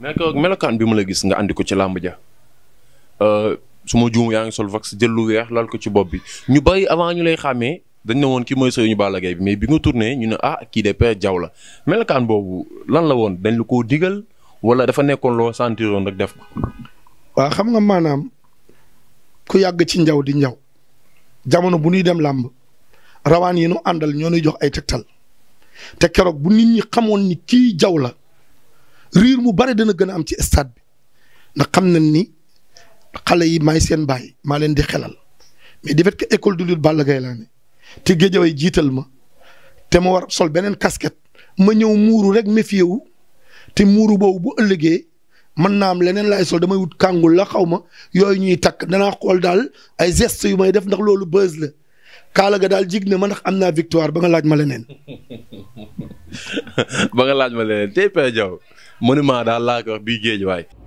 mais que melokaan bi ma la gis nga andi ko ci làmb ja euh, suma ma yaa ngi sol vax jël lu weex lal ko ci bopp bi ñu bari avant ñu lay xàmmee dañ ne woon ki mooy sëriñu Balla Gaye bi mais bi nga tourné ñu ne ah kii de Père Diaw la melokaan boobu lan la woon dañ la koo digal wala dafa nekkoon loo sentiroon rek def ko. waaw xam nga maanaam ku yàgg ci njaw di njaw jamono bu ñuy dem làmb rawaan yi nu àndal ñoo nuy jox ay tegtal te keroog bu nit ñi xamoon ni kii jaw la riir mu bare dana gën a am ci stade bi ndax xam nañ ni xale yi may seen baay maa leen di xelal mais di fait que école du lutte Balla gay laa ne te géejaway jiital ma te ma war sol beneen kasket ma ñëw muuru rek méfié te muuru boobu bu ëllëgee mën naa am leneen laay sol damay wut kàngul la xaw ma yooyu ñuy takk danaa xool daal ay gestes yu may def ndax loolu buzz la kaala ga daal jig ne ma ndax am naa victoire ba nga laaj ma leneen. ba nga laaj tey Père monument daal laa ko wax bii géej waay